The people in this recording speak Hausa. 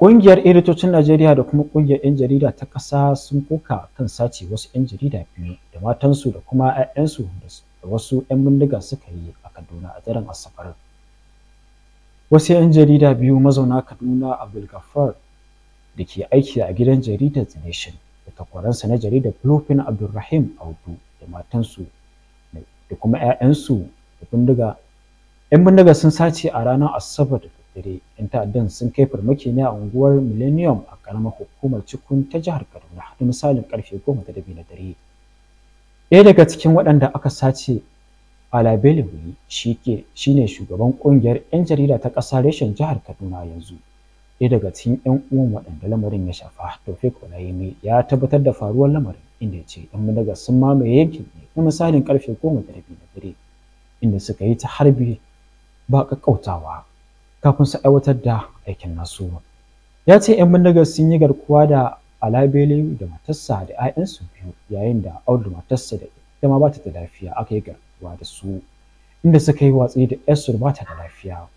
Ƙungiyar Editocin Najeriya da kuma ƙungiyar 'yan jarida ta ƙasa sun koka kan sace wasu 'yan jarida biyu da matansu da kuma 'ya'yansu da wasu 'yan bindiga suka yi a Kaduna a daren Asabar. Wasu 'yan jarida biyu mazauna Kaduna Abdulgafar da ke aiki a gidan jaridar The Nation da takwaransa na jaridar Bluefin Abdulrahim Audu da matansu da kuma 'ya'yansu da bindiga 'yan bindiga sun sace a ranar Asabar dare yan ta'addan sun kai farmaki ne a unguwar millennium a karamar hukumar cikun ta jihar kaduna da misalin karfe goma da na dare ɗaya daga cikin waɗanda aka sace alabelewuli shi shine shugaban ƙungiyar 'yan jarida ta ƙasa reshen jihar kaduna yanzu ɗaya daga cikin 'yan uwan waɗanda lamarin ya shafa tofik olayemi ya tabbatar da faruwar lamarin inda ya ce 'yan madaga sun mamaye yankin ne na misalin karfe goma da na dare inda suka yi ta harbi ba ƙaƙƙautawa kafin su aiwatar da aikin nasu ya ce 'yan bindigar sun yi garkuwa da alabele da matarsa da 'ya'yansu biyu yayin da audu matarsa da ita ma ba ta da lafiya aka yi garkuwa da su inda suka yi watsi da 'yarsu ba ta da lafiya